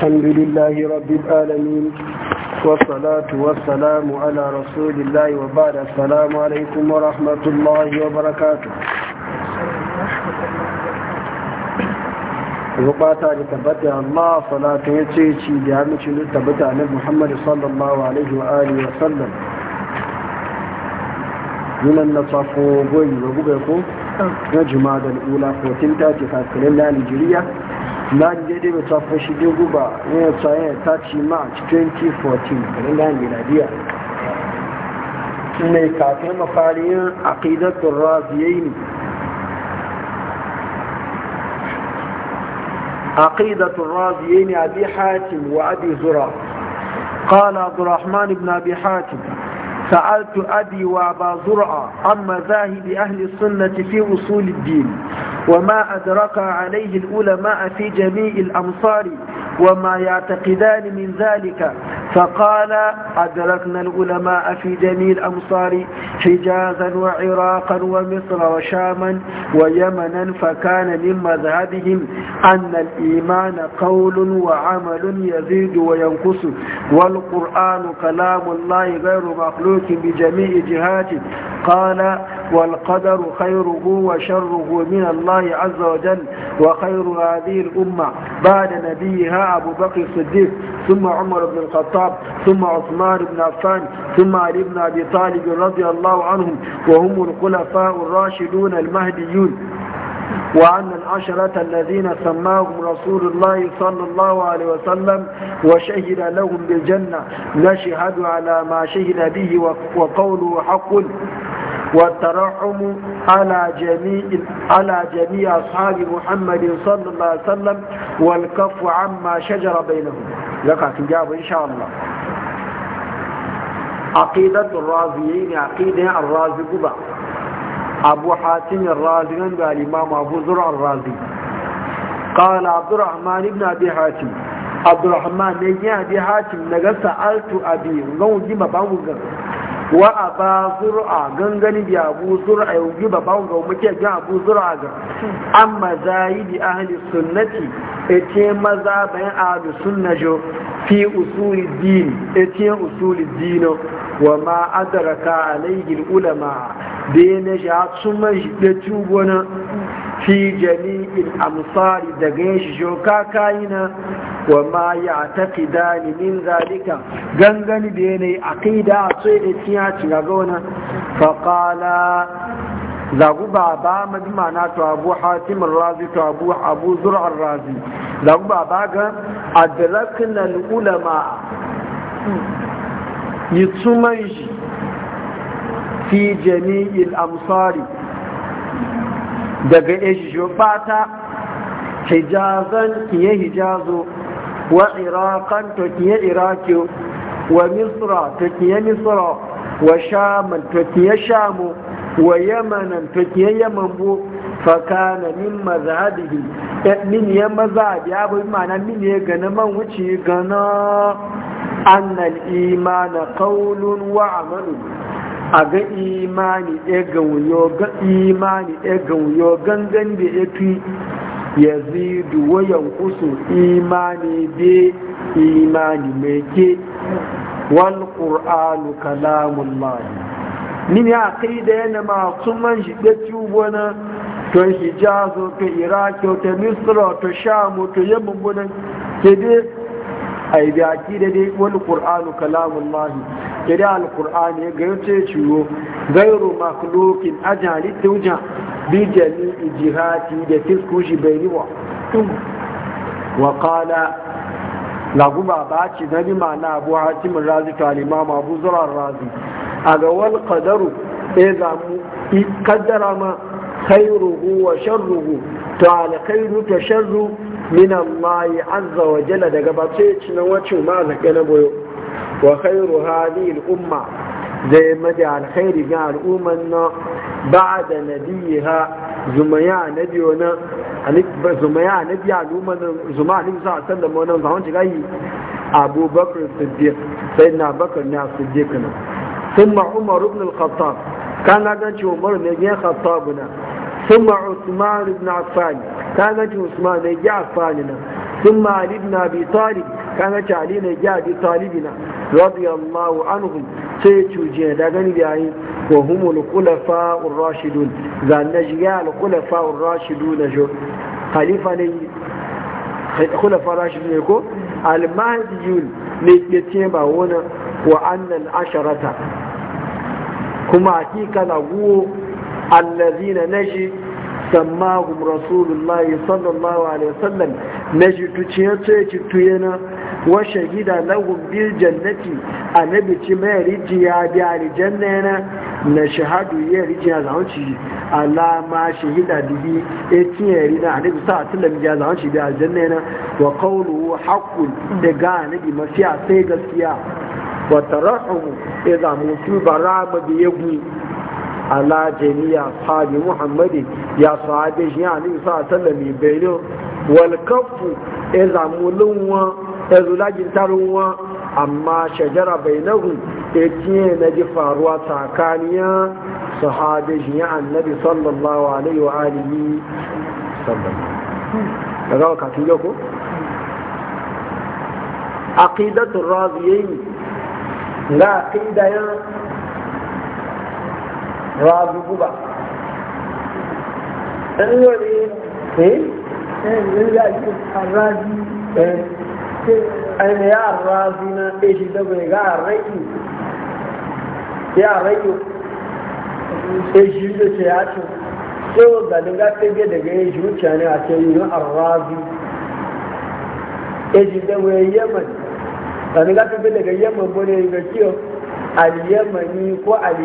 الحمد لله رب العالمين والصلاة والسلام على رسول الله وبعد السلام عليكم ورحمة الله وبركاته وقاتا لتبتع الله صلاة يتشيشي لعمش لتبتع محمد صلى الله عليه وآله وسلم من النصف وقوي وقوي وقوي نجمع آه. الأولى وقوتين تاتي فاتكلم لها nan daidai ba ta fashi dai guba yana tsaye ta ci march 2014 kalendar miladiya mai kafin mafariyar aqidatun raziyai ne aqidatun raziyai ne abi hatim wa abi zura قال عبد الرحمن بن أبي حاتم سألت أبي وأبا زرعة عن مذاهب أهل السنة في أصول الدين وما أدرك عليه العلماء في جميع الأمصار وما يعتقدان من ذلك فقال أدركنا العلماء في جميع الأمصار حجازا وعراقا ومصر وشاما ويمنا فكان من مذهبهم أن الإيمان قول وعمل يزيد وينقص والقرآن كلام الله غير مخلوق بجميع جهاته قال والقدر خيره وشره من الله عز وجل وخير هذه الأمة بعد نبيها أبو بكر الصديق ثم عمر بن الخطاب ثم عثمان بن عفان ثم علي بن أبي طالب رضي الله عنهم وهم الخلفاء الراشدون المهديون وعن العشرة الذين سماهم رسول الله صلى الله عليه وسلم وشهد لهم بالجنة نشهد على ما شهد به وقوله حق والترحم على جميع على جميع اصحاب محمد صلى الله عليه وسلم والكف عما شجر بينهم لك تجاب ان شاء الله عقيدة الرازيين عقيدة الرازي قبا أبو حاتم الرازي والإمام أبو زرع الرازي قال عبد الرحمن بن أبي حاتم عبد الرحمن بن أبي حاتم نقص ألت أبي ونقوم جيما بانوغا wa a ba zura gangani bi abu zura yau giba bawon ga muke gan abu zura ga an mazayi bi ahli sunnati ete maza bayan ahli sunnajo fi usuli din ete usuli dino wa ma adraka alayhi ulama da ne ja sun shi da tubona fi jami'in amsari daga yin shi shoka kayina wa ma ya taƙi dani min zalika gangani da yanayi a kai da a tsoye da tiya ci ga gauna faƙala zagu ba ba mabi mana to abu hatimin razi to abu abu zur'ar razi zagu ba ba ga adraknal ulama yi tsuman shi fi jami'in amsari daga ishiyo fata hijazan kiye hijazo wa iraqan to kiye iraki wa misra to kiye misra wa shaman to kiye shamu wa yamanan to kiye yaman bu fakana min mazhabihi eh, min ya mazhabi abu mana min ya gana man wuce gana annal imana qawlun wa amalun a ga imani e ga wuyo ga imani e ga wuyo gangan da ya fi ya zidu wayan kusu imani be imani mai ke wal ƙur'anu kalamun Ni ne a kai da yana masu man shi tubo na? to hijazo to iraki to misra to shamu to yamma gudan, ke dai a yi da dai wani ƙur'anu kalamun mani kiri alkur'ani ga yace ciwo gairu makhluqin ajali tuja bi jami'i jihati da tiskushi bainiwa wa qala lagu ba ci nabi na abu hatim razi to al-imam abu zurar razi aga wal qadaru e zamu kaddara ma khairuhu wa sharruhu to alkhairu ta sharru min Allah azza wa jalla daga ba sai ci na wacin ma na boyo وخير هذه الأمة زي مدى الخير جاء الأمة بعد نبيها زميا نبينا زميا نبي الأمة زميا نبي صلى الله عليه وسلم ونظهرون تغيي أبو بكر الصديق سيدنا بكر نعم صديقنا ثم عمر بن الخطاب كان لقد عمر نبي خطابنا ثم عثمان بن عفان كان لقد عثمان نبي عفاننا ثم علي بن أبي طالب كان علي نجا أبي طالبنا رضي الله عنهم سيتو جهدان بأي وهم الخلفاء الراشدون ذا نجيا الخلفاء الراشدون جو خليفة نجي خلفاء الراشدون يكو المهديون نجتين باونا وأن العشرة كما حقيقة نقول الذين نجي سماهم رسول الله صلى الله عليه وسلم na jituciyar tsaye cituye na wa shahida lagun bil jannati a na bici mai rijiya da alijanna yana na shahadu ya rijiya zaunci ma shahida dubi etin ya rina a anabi sa a tilam ya zaunci da alijanna yana wa kaunu haƙun da ga nabi mafiya sai gaskiya wa tarahumu ya e zamu su bara mabiyagun ala jami'a sahabi muhammadi ya sahabi shi ya nufi sa sallami bayo wal kafu ya zamu lunwa ya zulajin tarunwa amma shajara bainahu ya na ji faruwa tsakaniya sahabi shi ya annabi sallallahu alaihi wa alihi sallallahu daga wakatun yau ko aqidatul raziyayn la aqidayan razu guba ɗan yori eh, eh ainihin ya razu eh. na ɗaya da bai ga ya rayu ɗaya da ce ya ce so da daga tage daga yin shi ne a ce yi na arrazi ɗaya eh, shi da bai yaman da daga tage daga yaman bane ga kiyo al ko al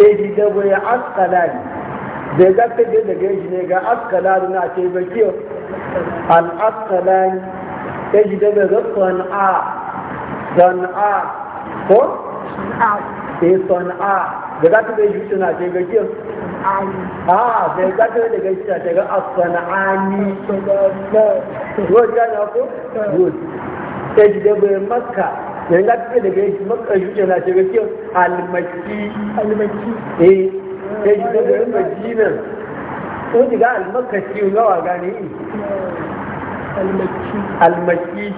eji da bai askalani da ga ta da daga shi ne ga askalani na ce ba kiyo al askalani eji da bai a. sana'a a. ko son eh, a. da za ta bai shi na ce ga kiyo a da ga ta daga shi na ce ga asana'ani ko ga na ko eji da bai makka yanzu ga cikin daga yake makar shuke na shiga kiyon almaki almaki eh ya shi daga yin majinan ko shiga almakashi gawa gane yi almaki ya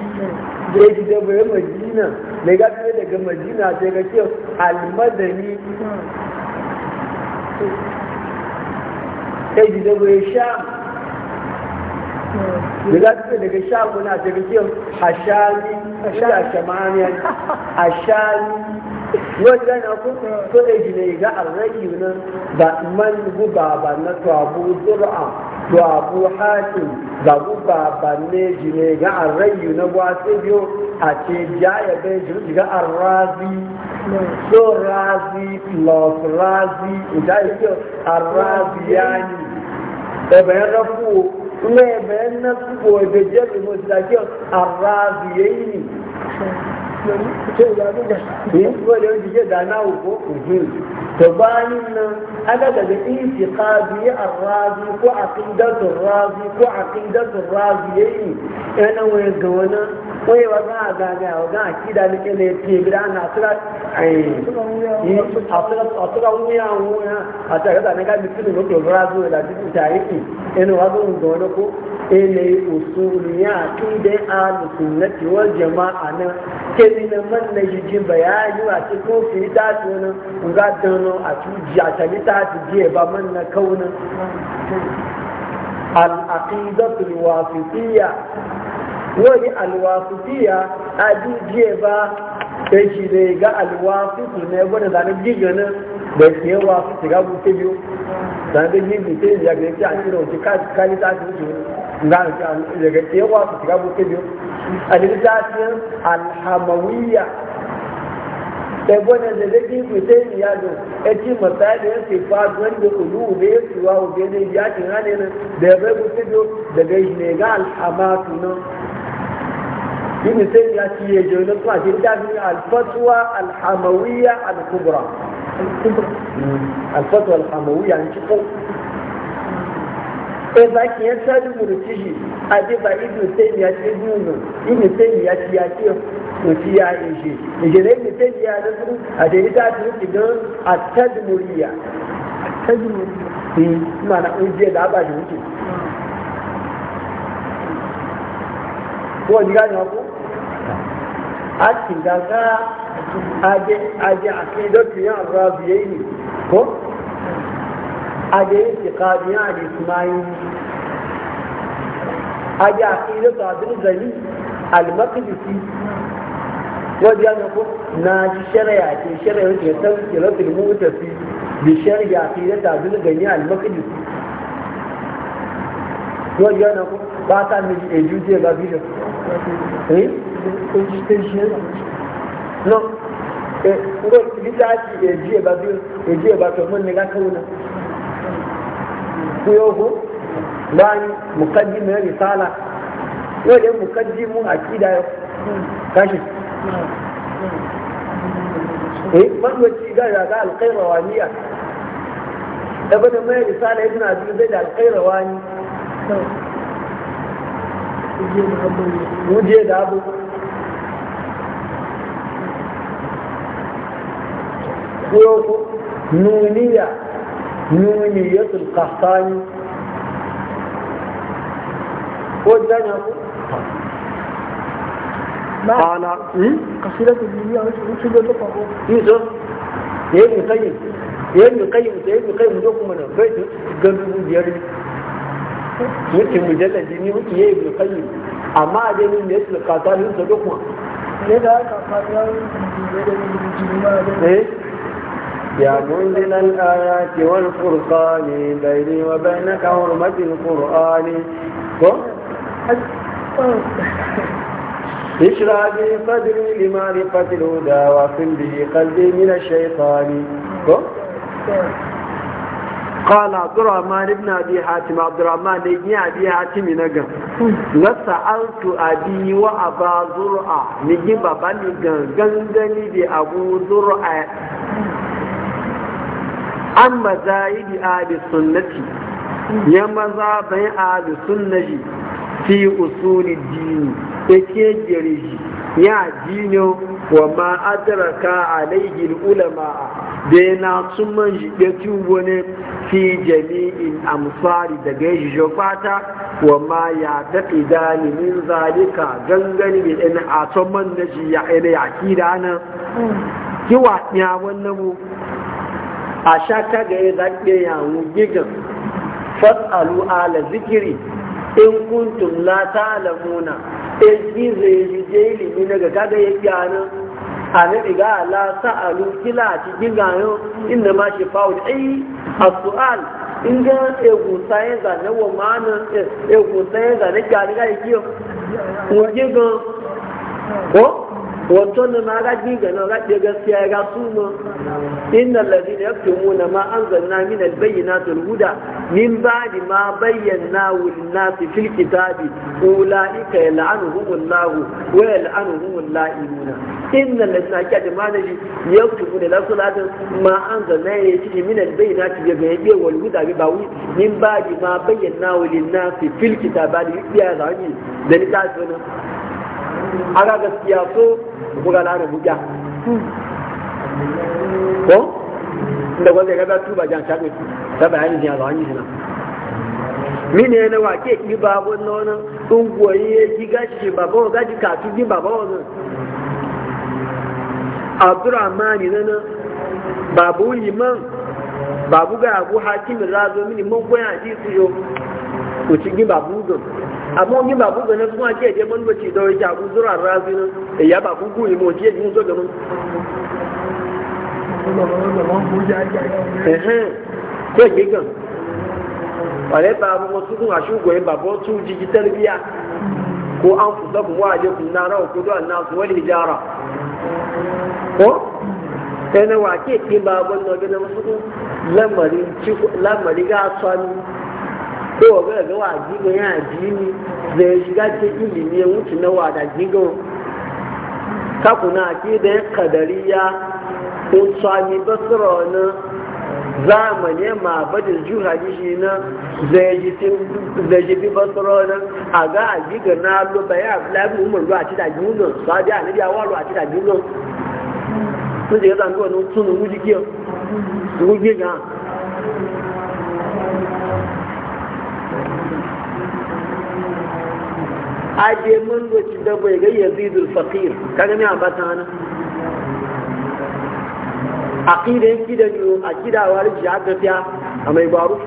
shi daga yin majinan mai ga cikin daga majina shiga kiyon almadani ya shi daga yin daga cikin daga a daga a hashani da shamaniyar hashani wajen a ku to da ji ne ga arrayi nan ba man guba ba na tabu zura tabu hatim ba guba ba ne ji ne ga arrayi na wasu biyo a ce jaya bai ji ga arrazi so razi plus razi da yake arraziyani da bayan rafu lẹ́ẹ̀bẹ̀ẹ́ ná púpọ̀ ẹ̀bẹ̀ jẹ́ mi mo ti dàkí ara àbìyẹ́ yìí ṣé ko aqidatu razi ko a razi yayi yana wani oye wa gan agagà eh, wa a akida ni kele tiye ke daa na atura ayi yi atura atura wumi awu ya ati akata ne ka bitu ni o to lora zo la bitu ta yi ki ko ele usulu ya akide alu sunnati wal jama'a na kebi na man na yi ji bayani wa ce ko fi ta to na nga dan no atu ji atali ta ti ji ba man na kauna al aqidatu al wasitiyya wani alwasitiya a jiye ba sai shi ya ga alwasitu ne wani zanen giganin da ke wasu ga gute biyu zanen gigi sai ya ga yake an kira wuce kali ta su wuce na da ga ke su ga gute biyu a ta littafin alhamawiyya ta wani da da gigi yi ya do ya ci masali ya ce fa da ulu da ya suwa ube ne ya ci hannun da ya bai gute biyu daga ne ga alhamatu nan ibn sai ya ci ya je wani kuma jin dafin alfatuwa alhamawiya alkubra alfatuwa alhamawiya ne cikin e ba ki yan sadu murtiji a je ba ibn sai ya ci dunu ibn sai ya ci ya ci mutu ya ishe ishe ibn yi don tadmuriya tadmuriya da ba ko أكين دلقا أجي أجي عقيدة يا الرابيين هو أجي اعتقاد يا الإسماعيل أجي عقيدة عبد الزيني المقدسي وديا نقول ناجي شرعي عقيدة شرعي وديا سوي كلا في الموت في بشرعي عقيدة عبد الزيني المقدسي وديا نقول باتا من الجوجي غبيرة إيه؟ ejiye no ngo tibitaji ejiye babi ejiye bato mun ne ga kauna kuyogo bani mukaddimu ya risala yau da mukaddimu akida yau kashi eh ban wace ga ga alqairawaniya ابدا ما رسالة ابن عبد الزيد على القيرواني وجه ابو ko nuniya nuniyatul qahtani ko dana قال قصيدة الدنيا وش اللي تقرأه؟ يوسف يا ابن القيم يا ابن القيم يا ابن القيم دوكم انا بيت قبل دياري wuce mujallar jini wuce ya ibn amma dai min yasul qatalin sa duk ma ne da aka fara yau da jini ma يا منزل الآيات والفرقان بيني وبينك حرمة القرآن اشرع بي صدري لمعرفة الهدى واقم به قلبي من الشيطان قال عبد الرحمن بن ابي حاتم عبد الرحمن بن ابي حاتم نجا لسالت ابي وابا زرع نجي بابا نجا غنغني بابو زرع an zaidi ahli sunnati ya maza bai ahli sunnati fi usuli dini yake shi ya dino wa ma adraka alaihi ulama da na sun man shi wani fi jami'in amsari daga shi shafata wa ma ya tafi dalimin zalika gangan bi ɗin a man na shi ya da nan mm. kiwa ya wannan mu. a sha ka ga ya zaɓe yawon gigan fasalu ala zikiri in kuntum la ta'lamuna in ki zai yi ilimi daga kaga ya gyana a na diga la sa'alu kila a cikin gayo inda ma shi fa'u ai a su'al in ga egu sai zane wa ma'ana egu sai zane gyani ga yi kiyo ko wato na ma ga diga na ga diga gaskiya ga su mu innal ladina yaktumuna ma anzalna min na alhuda min ba'di ma bayyana lin-nas fil kitabi ulaika yal'anuhumullahu wa yal'anuhumul la'inuna innal ladina yaktumuna yaktumuna la salata ma anzalna ilayhi min albayyinati ga yabe wal huda bi bawi min ba'di ma bayyana lin-nas fil kitabi ya zani da litafi aga gaskiya so buga na da buga ko da wanda ga batu ba jan shaɗo ta bayanin jiya zuwa yi suna mine na wake ki babu nonon ungoyi ya ji gashi baba wa gaji katu ji baba wa nan abdurrahmani na nan babu liman babu ga abu hakim razo mini mun koya ji su yo ku ci gi babu don àmọ́ ní bàbú gbẹ̀nẹ́ fún àti ẹ̀jẹ̀ mọ́ nígbà tí ìdọ̀rọ̀ ìjà àkúzọ́rọ̀ àrà sí ní ẹ̀yà bàbú gùn ìmọ̀ òjì èyí ń tó gẹ̀mú. kó ègbé gan mu bá ọmọ ko an fusa kun ko hijara ko sai na wake ke ga ko wa ga ga wa jigo ya jini da ya shiga cikin ilimi mutu na wada jigo ka kuna ke da kadariya ko tsami basira na zamani ma badin juha shi na da ji bi basira na a ga a jiga na loba ya labi umar ruwa ci da jigo ba da alibi a walo a ci da jigo sun je ga zango na tunu wujikiyar wujikiyar aje mun doki da bai ga yazidul faqir kaga me ambata nan aqida yake da yo aqida wari ja gafiya a mai baru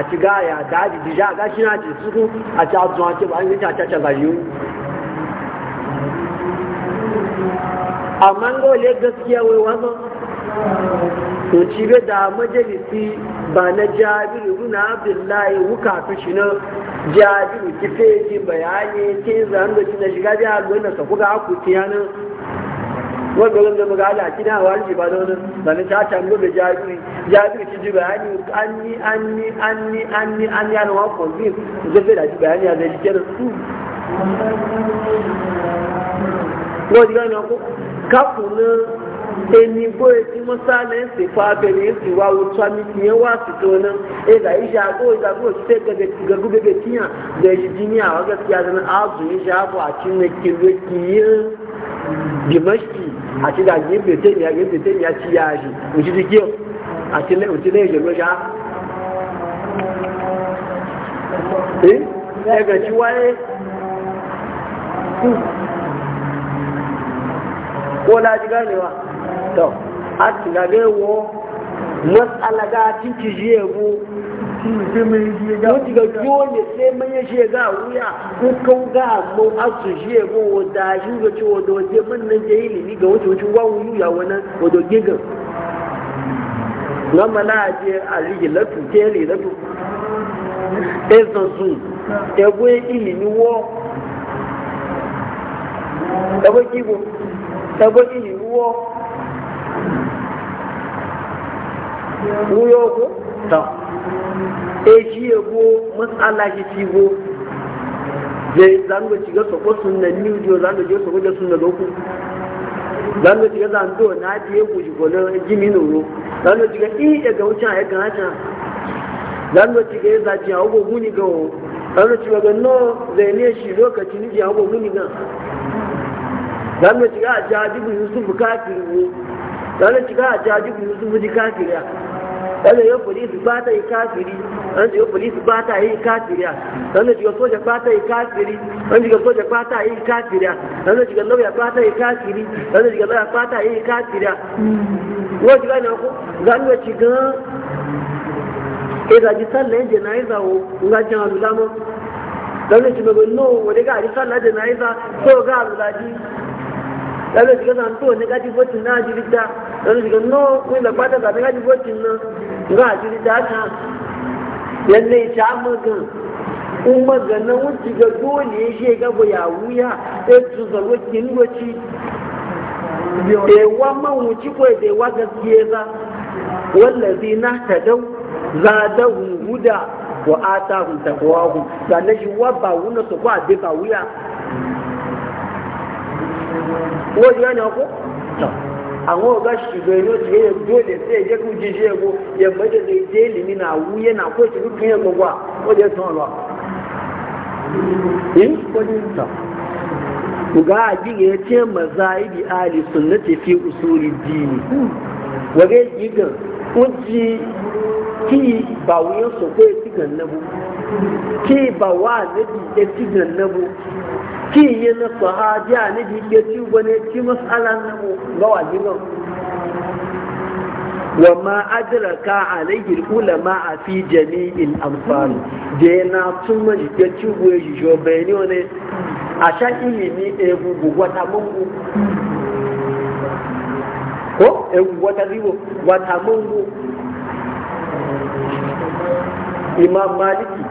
a ci gaya da ji dija ga shi na ji suku, a ci azuwa ce ba an yi ta ta ga yo amma ga le gaskiya wai wazo to ci be da majalisi ba na jabiru na abdullahi wuka to shi na jadi ki feji bayani ke zan da kina shiga bi alwala sa kuga aku tiyana wannan da muga ala kina walji ba don dan ta ta ngo da jadi jadi ki ji bayani anni anni anni anni anni an wa ko bi da fe da bayani da jikin su ko diga ne ko kafuna ẹni bó etí mọ́sá lẹ́sìn fa abẹ́rẹ́ èsì wa wò tó àmì tìyẹn wá àsìkò náà ẹ̀dà ìṣe àgbo ìdàgbò ṣiṣẹ́ gẹ́gẹ́ gẹ́gẹ́ tíyàn ní àwọn àti àti òṣìṣẹ́ kí ọ àti lẹ́yìn to a tunare matsala ga cinci jiye mu mutu ga ne sai manya jiye ga wuya ko ga mu a su jiye mu wada shi ga ci wada waje man nan yi ilimi ga wuce wuce wa wuyu ya wani wada gigan na mana je a rigi latu ke latu ezan su e e ilimi wo egwe kibo egwe ilimi wo wuyo ko ta e shi ya ko matsala shi ci ko zai zango ci ga soko sunna new jo zango jo soko ga sunna loku zango ci ga zango na ji ya guji na jimi no ro zango ci ga i e ga wucin ya ga hacha zango ci ga ya zaci a muni ga o ci ga no zai ne shi lokaci ni a muni ga ga yusuf ci ga ji yusuf ẹlẹ́ yóò polisi pátá yìí káàkiri ẹnjẹ́ yóò polisi pátá yìí káàkiri à ẹnjẹ́ yóò sójà pátá yìí káàkiri ẹnjẹ́ yóò sójà pátá yìí káàkiri à lọ́wọ́ pátá yìí káàkiri ẹnjẹ́ yóò lọ́wọ́ pátá yìí káàkiri wọ́n ti gbàgbọ́ kó gbàgbọ́ ti gan ìrajì sálẹ̀ ẹ̀jẹ̀ náà ìgbà wo ńlá jẹun lọ́wọ́ ti gàrí sálẹ̀ ẹ̀jẹ̀ náà ìgbà tó lọ́wọ́ ti tó náà jírí dá lọ́wọ́ ti náà wọ́n ìlọ́pàá tẹ̀sán náà. ga a jiri data yadda ya ta magan in maganin wuce ga dole ya shi ga ba ya wuya ya su zaro kingoci wa man wuce ko bewa gaskiye za wallazi na ta dau za da huda wa ata hun da sannan shi wa ba wuna su kwa be ba wuya ko ji ne ko àwọn ọ̀gá ṣùgbọ́n inú ti yẹ dóòlè sí ẹ̀jẹ̀ kú jíjẹ́ ẹ̀wọ̀ yẹ mọ́jọ́ ní ìdí èlì mi náà wúyẹ náà kó ìṣèlú kí yẹn gbogbo à ó jẹ́ tán lọ. yìí kò ní sọ. Uga ajiye ce mazaidi ali sunnati fi usuli dini. Wage gigan uji ki ba wuyan su ko ya ci gannabu. Ki ba wa nabi ya ci gannabu. ki yi na sahabi a ni bibiya ci wani ci masalan na mu ga wajinan wa ma adraka alayhi ulama a fi jami'in amfani da na tun ma ya ci wani shi bayani wani a sha ilimi egungu wata mungu ko egungu wata riwo wata mungu imam maliki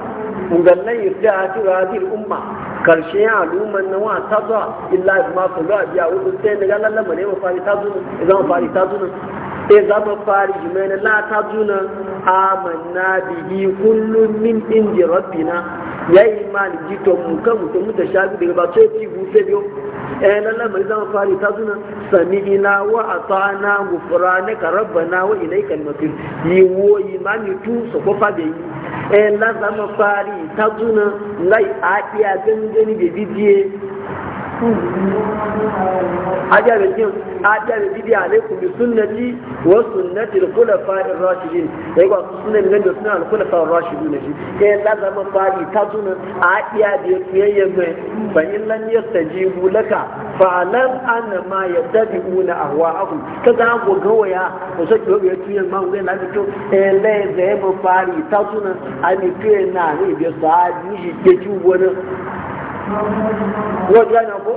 ungallan yirda a tura umma karshen al'umman nan wa ta zuwa illa ma ku zuwa biya wudu sai daga lallan mu ne mu fari ta zuna idan zama fari ta zuna sai za mu fari jimena la ta zuna amanna bihi kullum min inji rabbina ma da jito mu kan mutum da shafi daga ba sai ci bu sai biyo eh lalla mai zama fari ta suna sami ina wa ka gufranaka n'a wa ilaikal masir yi wo imani tu so ko fa be yi eh la zama fari ta suna lai a iya gangani be bidiye ajabe kin adar bidi alaikum bi sunnati wa sunnati al-khulafa ar-rashidin dai ba su sunan nan da sunan al-khulafa ar-rashidin shi kai da zaman fari ta sunan adiya da yayye mai fa in lam yastajibu laka fa lam anna ma yattabi'una ahwa'ahum kaga go gawaya ko sai go ya tuyan ma ngai na to eh le zai mu fari ta sunan ani tuyan na ne bi sa'adi shi ke ci wani wajen ko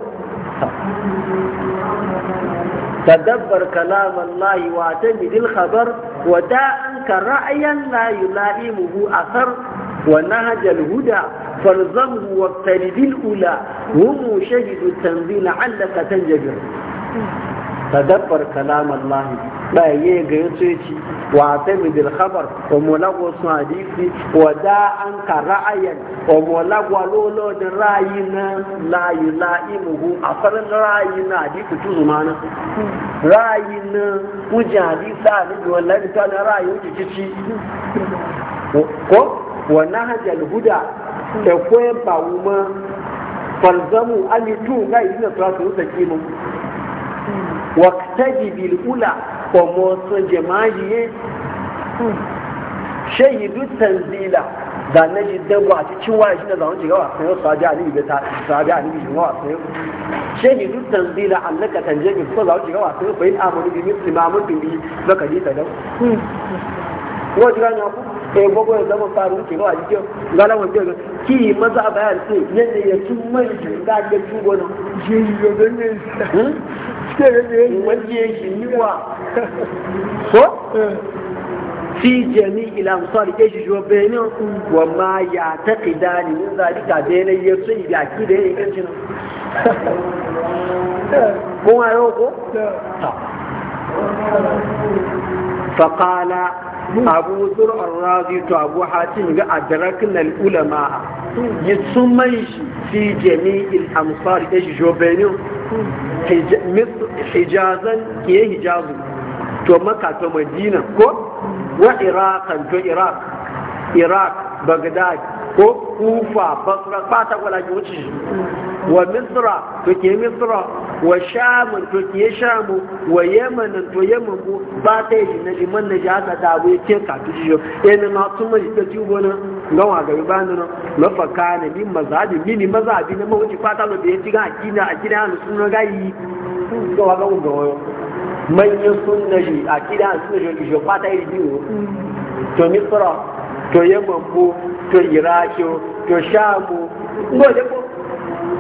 تدبر كلام الله واعتمد الخبر ودع عنك رأيا لا يلائمه أثر ونهج الهدى فالزمه واقترب الأولى هم شهد التنزيل علك تنجبر تدبر كلام الله baye ga yace ci wa sai tamidil khabar wa mulagu sadiqi wa da an ka ra'ayan wa mulagu lolo da ra'ayi na la a farin ra'ayi na hadisi tu zumana ra'ayi na di sa a nabi wallahi ta na ra'ayi wuce cici ko wa nahjal huda da koyan ba mu falzamu alitu ga idina ta mustaqimin waktaji bil ula wa motsa jama'iye shahidu tanzila da na ji dabu a cikin waya shi ne zaune shiga wasan yau sabi alibi bai ta sabi alibi shiga wasan yau shahidu tanzila allaka tanjami ko zaune shiga wasan yau bai amuru bi muslima mutum bi baka ji ta dau ko jira na ku eh gogo ya zama faru ke ba ji gala wanda ki maza bayan sai nan ne ya tun mai ga ga tugo na je yo ne wanda ya shi niwa ko fi jami ila ke shi wa ma ya ta kidani mun zalika bayanai ya sun yi da kancin ko? abu zur arrazi to abu hatim ga adrakna al ulama yi sun man shi fi jami'il amsar da shi hijazan ke hijazu to maka to madina ko wa iraqan to iraq iraq baghdad ko kufa basra fata wala wuce wa misra to ke misra wa shamun to ke shamu wa yamanin to yaman ku ba ta yi na iman na jihata da abu ya ce ka tuji yau yana e, na masu mai ta ci gona ga wa gari ba nuna mafaka na bi mazabi mini mazabi na mawuci fata da ya ci ga akina a gida na suna gayi ga wa ga wayo manyan na shi a gida na suna shi shi fata yi biyu to misra to yaman bu to iraki to shamu ko da ko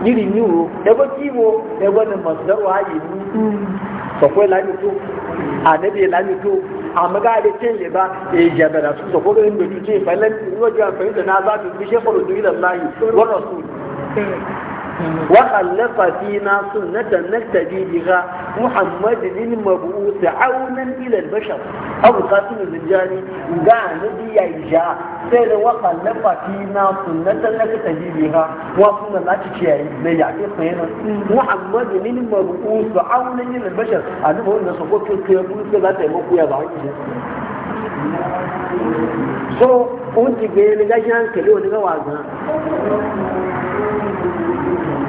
yiri ni wo ebo kiwo ebo ne masdar wa yi ni so ko la to anabi la ni to amaga da tin le ba jabara su so ko ga ndo ti ce falan ni wa ja fa na za fi bi shekuru ila allah wa rasul وخلق فينا سنة نقتدي بها محمد المبعوث عونا إلى البشر أبو القاسم الزنجاني قال نبي يجا سيد وخلق فينا سنة نقتدي بها وسنة لا تشيعي بيعتي صينا محمد المبعوث عونا إلى البشر أنا بقول نصفه كيف يقول سيد لا تيمكو يا بعض so o ti gbé ẹni gájá ń kẹlé onígbàwà gan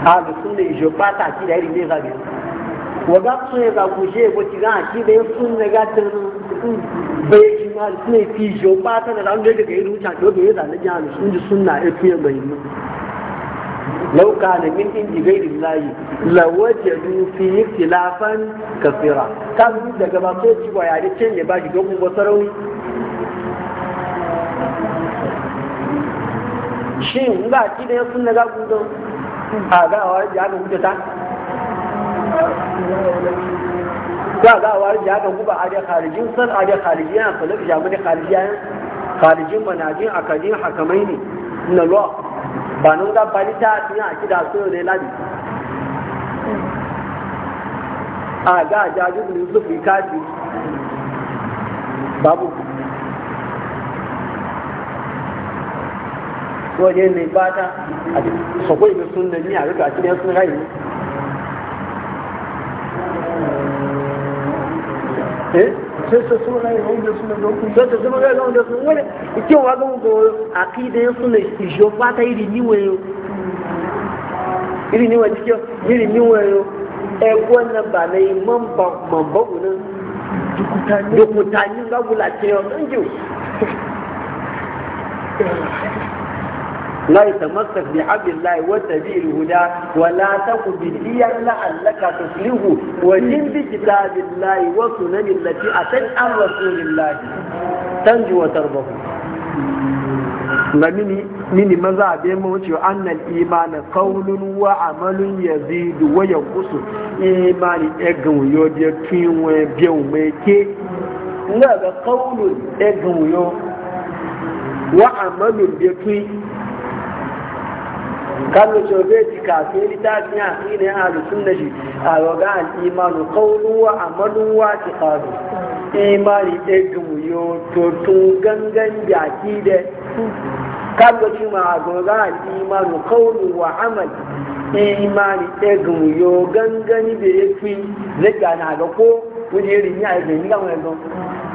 ahlu sunna ijo pata ki da irin ne ga biyu wa ga sun ga guje ko ki ga ki da sun ne ga tin bai ki ma sunna ki ijo pata da ran da ga irin do bai da na jami sun ji sunna e fiye mai mu law kana min indi ghairi llahi lawajadu fi ikhtilafan kathira kan daga ba so ci wa ya da cin ba shi dogon shin ga ki da sun ne ga gudun àgá àwọn arìjì àgàn kú jẹta ko àgá àwọn arìjì àgàn kú ba adé kàrìjì ń sàn adé kàrìjì yẹn àkàlẹ́ ìjà mọ́dé kàrìjì yẹn manajin akadin hakamai ne na lọ ba nun ga balita a kida so ne labi a ga jaju ne su fi kaji babu waje mai bata a sakwai da sunan ni a rika a cikin sun rayu eh? sai sun rayu wanda sunan dokun sai sun rayu wanda sunan wani ikin wa gan go akida ya sunan bata iri ni iri cikin iri ni wayo e ba na yi mamba mamba gunan dukutani dukutani ɗan لا يتمسك بحبل الله وتبيع الهدى ولا تكن بديا لعلك تفلح وجن بكتاب الله وسنن التي اتت عن رسول الله تنجو وتربه na mini mini maza a mu wuce annal imanin kaulun wa amalun ya zidu wa ya wuyo da tun wani biyan mai ke na ga kaulun egan wuyo wa amalun da tun kallo ce zai ji kafin littafin a tsinin halittun da shi a roga an imanu kaunuwa a manuwa ti faru imani ɗaya gumuyo to tun gangan jaki da kallo ce ma a roga al'imanu kaunuwa amal imani ɗaya gumuyo gangan da ya fi zai na ga ko wani yi rinya a ibe ga wani don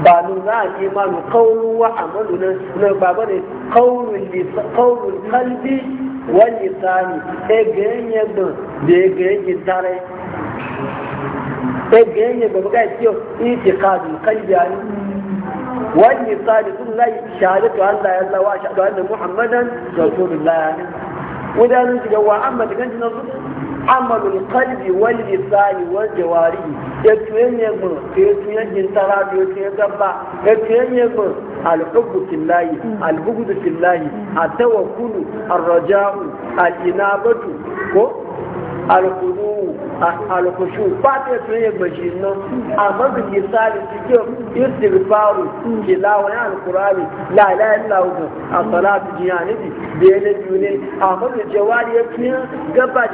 ba nu za a imanu kaunuwa amalu na ba ba ne kaunin kalbi wani sani egeyen yadda da egeyen gintare egeyen yadda muka yi itikadun kalbi ani wani sani sun zai shahadatu Allah ya zawa shahadu annan Muhammadan Rasulullah ya ne. Wadannan shiga wa amma da ganci su amalul kalbi wal lisani wal jawari ya tuyenye mu ya tuyenye tara ya gaba ya tuyenye al hubbu fillahi al bughdu fillahi at ar raja'u al inabatu ko alkudu alkushu ba ta tun yi gbaji nan amma da ke tsari cikin istighfaru tilawa ya alkurani la ilaha illa hu a salatu jihanibi da ya na biyu ne amma da jawari ya fi gaba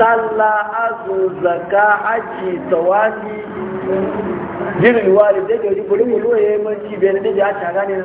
sallah azu zaka haji Tawafi, jirin Wari, da ke wuri bulu ya yi manci da ya gane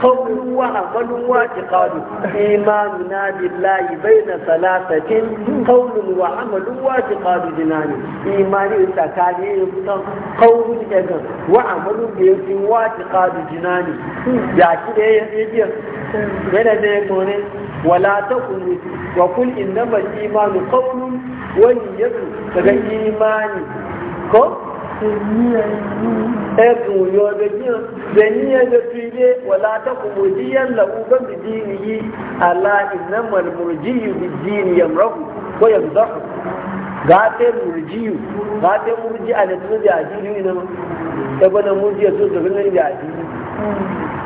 kowa a manin waƙi ƙaru imanu na lillahi bai na salatatin kaunin wa a manin waƙi ƙaru dinani imani in tsakani in kan kaunin egan wa a da yake waƙi ƙaru dinani ya shi ne ya tsibiya yana da ya tsore wala ta kuru wa kun inda ba imanu kaunin wani yadda daga imani ko egun yo da biyan da niyyar da fiye wala ta kumudiyan lahu ban bi dinihi ala innamal murjiyu bi dini yamrahu ko yamzahu gate murjiyu gate murji a da tun da ajiri ne ta bana murji ya so da ganin da ajiri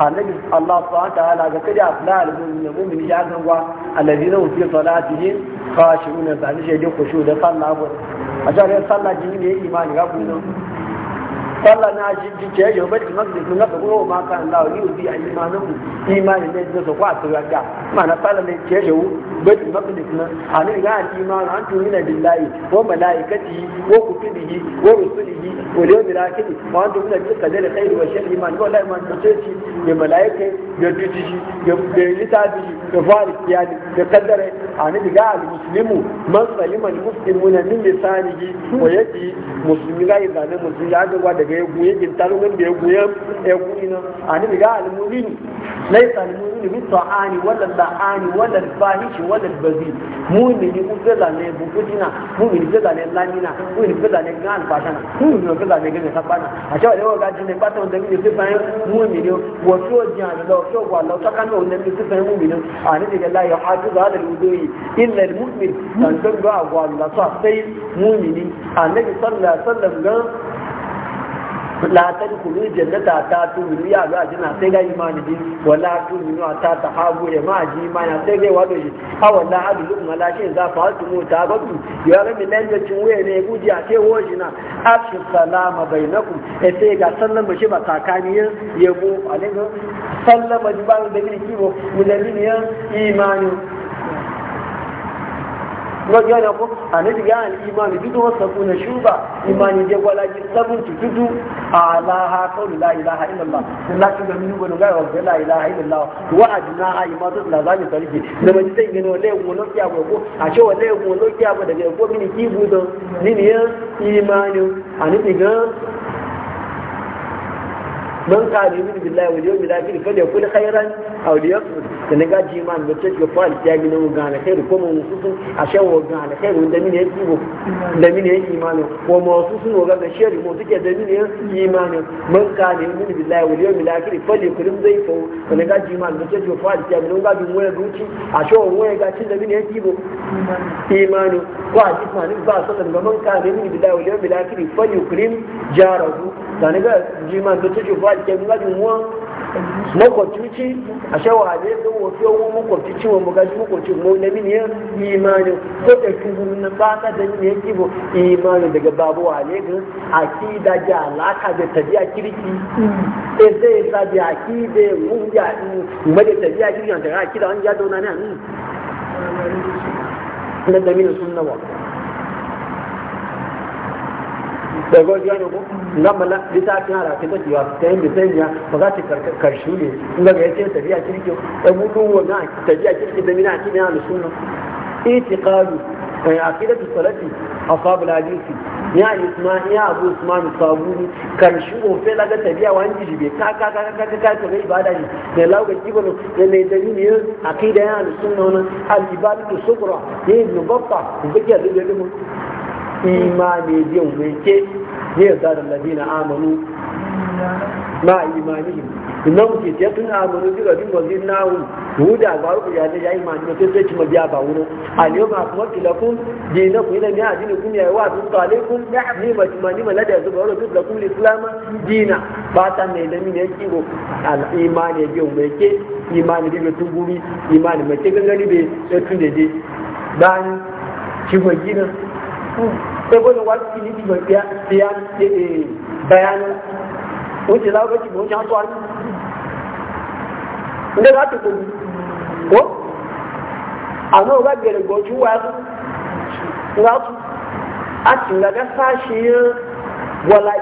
annabi Allah subhanahu wa ta'ala ga kada afla al-mu'minin mu'min ya gangwa alladhina fi salatihim khashuna ba ni shaidin khushu da sallah a jihar sallah jini ne ya imani ya kuma sallah na shi jikiya yau bai da magdi sun nasa kuma ma kan lawa yau bi a imanin mu imanin ne da su kwa su raga ma'ana sallah ne ke yau bai da magdi sun a ne ga an imanin an tuni na billahi ko mala'ikati ko kutubihi ko rusulihi ko da yau da rakin wa an tuni na bi kadar khairu wa sharri ma ko la'i ma da ce ci da mala'ikai da dujishi da shi da fari kiyali da kaddare a ne ga al-muslimu man salima al-muslimuna min lisanihi wa yadi muslimi ga izanin muslimi ya ga daga ga egu ya da egu egu ina a ni ga almumin laisa almumin bi ta'ani wala wala fahish wala bazi ku da ne bu kujina mu'mini ga da ne lanina mu'mini ga da ne ga da ne ga sabana a cewa da ga jin ne fata wanda mi sai bayan mu'mini wa to jan da to wa law ta kan wanda mi sai bayan a ni ga la ya hadu da alwudu'i illa almu'min dan ga wa Allah sa sai mu'mini annabi sallallahu alaihi wasallam ga la tadkhulu jannata ta tuminu ya ga jina sai ga imani bi wala tuminu ta hagu ya ma ji imani sai ga wado ji awalla adlu malakin za fa su mu ta babu ya rabbi nan ya cin waye ne ji a ce wo jina afshu salama bainakum e sai ga sallan shi ba tsakani ya yabo alaikum sallama ji ba da gidi kibo mu da imani lọ́jọ́ ẹ̀rọ kó àníbi yáà ní ìmọ̀ni dúdú wọn sọ fún ṣùgbà ìmọ̀ni jẹ́ gbọ́lájí sẹ́fúntì da àlàáha kọ́lù láìláha ìlọ́lá láti gbẹ̀mí ní gbọ́dọ̀ gáyọ̀ ọ̀gbẹ́ láìláha ìlọ́lá wọ́n àdúná àyèmọ́ tó tìlà bá mi sọ níbi lọ́mọdé tẹ́yìn nínú ọlẹ́ẹ̀kún lókè àwọ̀ ẹ̀kọ́ àṣẹ ọlẹ́ẹ̀kún lókè àwọ̀ dẹ̀gẹ̀ ẹ̀kọ́ mi ní kí ibùdó من قال يؤمن بالله واليوم الاخر فليقل خيرا او ليصمت كان جاء ايمان بتش قال يا جن وغان خير كما نصوص عشان وغان خير وده من يجيبه ده من ايمان وموصوص وغان شر مو تك ده من ايمان من قال يؤمن بالله واليوم الاخر فليقل ضيفه كان جاء ايمان بتش قال يا جن وغان من وين روتي عشان وين جاء ده من يجيبه ايمان قال اسمع نبا صدر من قال يؤمن بالله واليوم الاخر فليكرم جاره كان جاء ايمان بتش nga ke nga di mo makwabci a shawa ne don wasu yawon makwabci ciwon bukaci makwabci mu na min ya imanin ko da shi na ba ka da daga babu a ne ga akida alaka da tabiya kirki sai sa ya da tabiya kirki akida ne na da min sunna wa da godiya ne ko gama na littafin harafin da cewa ta yin bisanya ba za ta karshi ne in ga yace tafiya kirki da mutum wannan tafiya kirki da mina kina na sunna itiqadu kai aqidatu salati ashabul hadisi ya isma ya abu usman sabuni karshi ko fe laga tafiya wani jibe ka ka ka ka ka ta bai ibada ne da lauga kibano da mai dalili ne aqida ya sunna wannan al ibadatu sughra ibn battah zikr da mu imani din ne ya zara lalabi na amalu na imanin na muke ce tun amalu jira duk wanzu na hu huda ba ruku ya ne ya yi mani ba ba wuro a ba kuma tilakun ji na kuna ne a jini kuma yawa sun tsale kun ne ba ki mani ba ladar zuba wadda duk da kuma islama ji ba ta mai nami ne ki go al'imani ya ke imani biyu mai tunguri imani mai ke gangari bai sai tun da ji ebo ne kini ti gbɛ biya bia ee eh, eh, bayani wuce la o bɛ ti gbɔ o ti an ko? ali n tɛ ka tutu wa ka tu a ti nga ka fa wala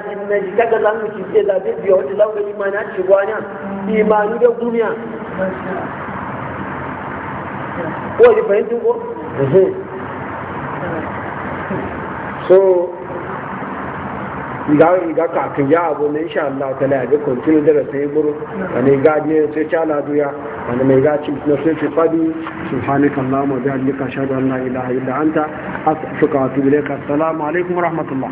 ka gɛlɛn mi ti se la bi la imani a ti bɔ imani bɛ kun yan fɛ ko. so ga riga kafin ya abu na insha Allah ta laya duk kontinu da rasa yi buru a ne ne sai ci duya a ne mai gaci na sai ci fadu subhanaka Allah mu bi hadika shahadu an la ilaha illa anta suka wata bile ka salamu alaikum wa rahmatullah